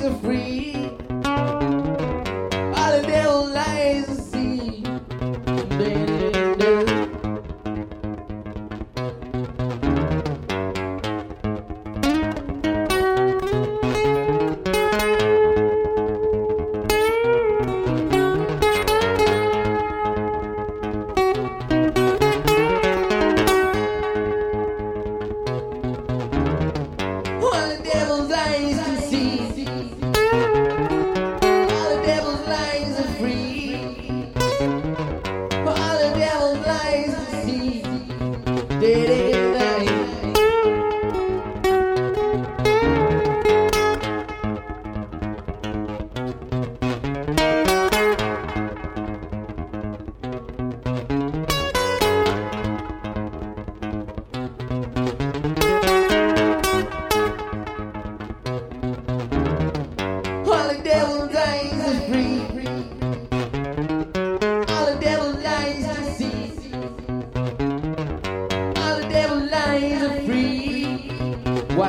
is a free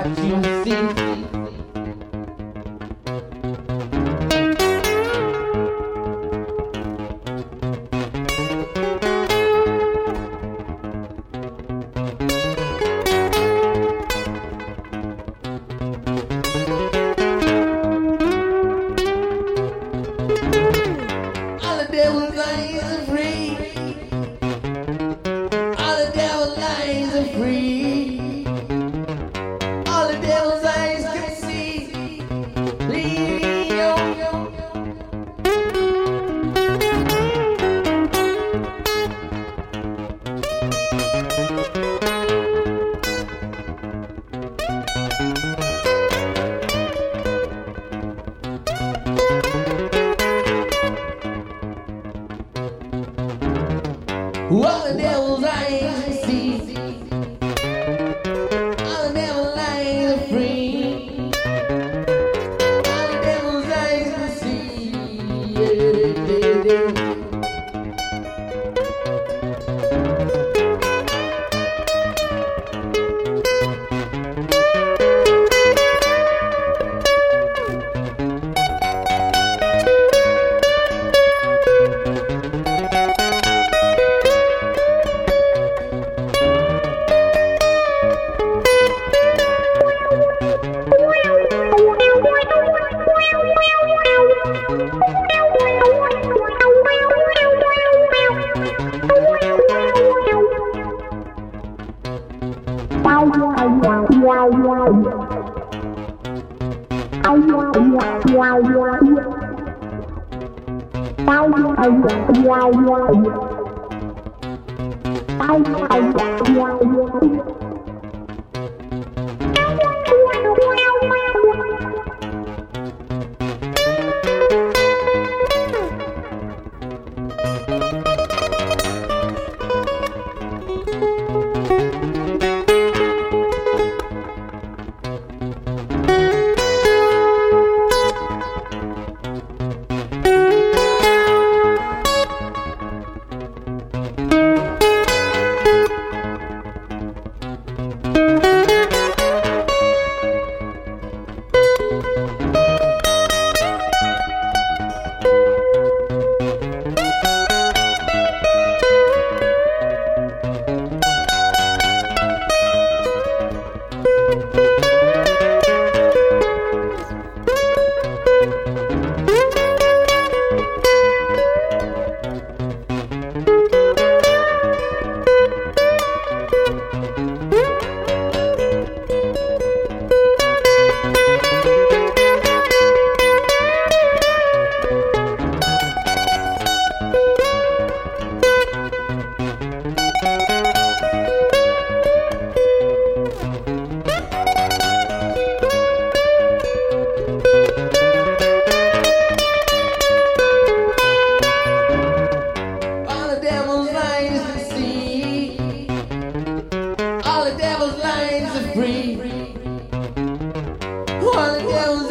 Adiós. O Deus Tao là biết Tao là biết Tao là biết Tao là biết Juan, ¿qué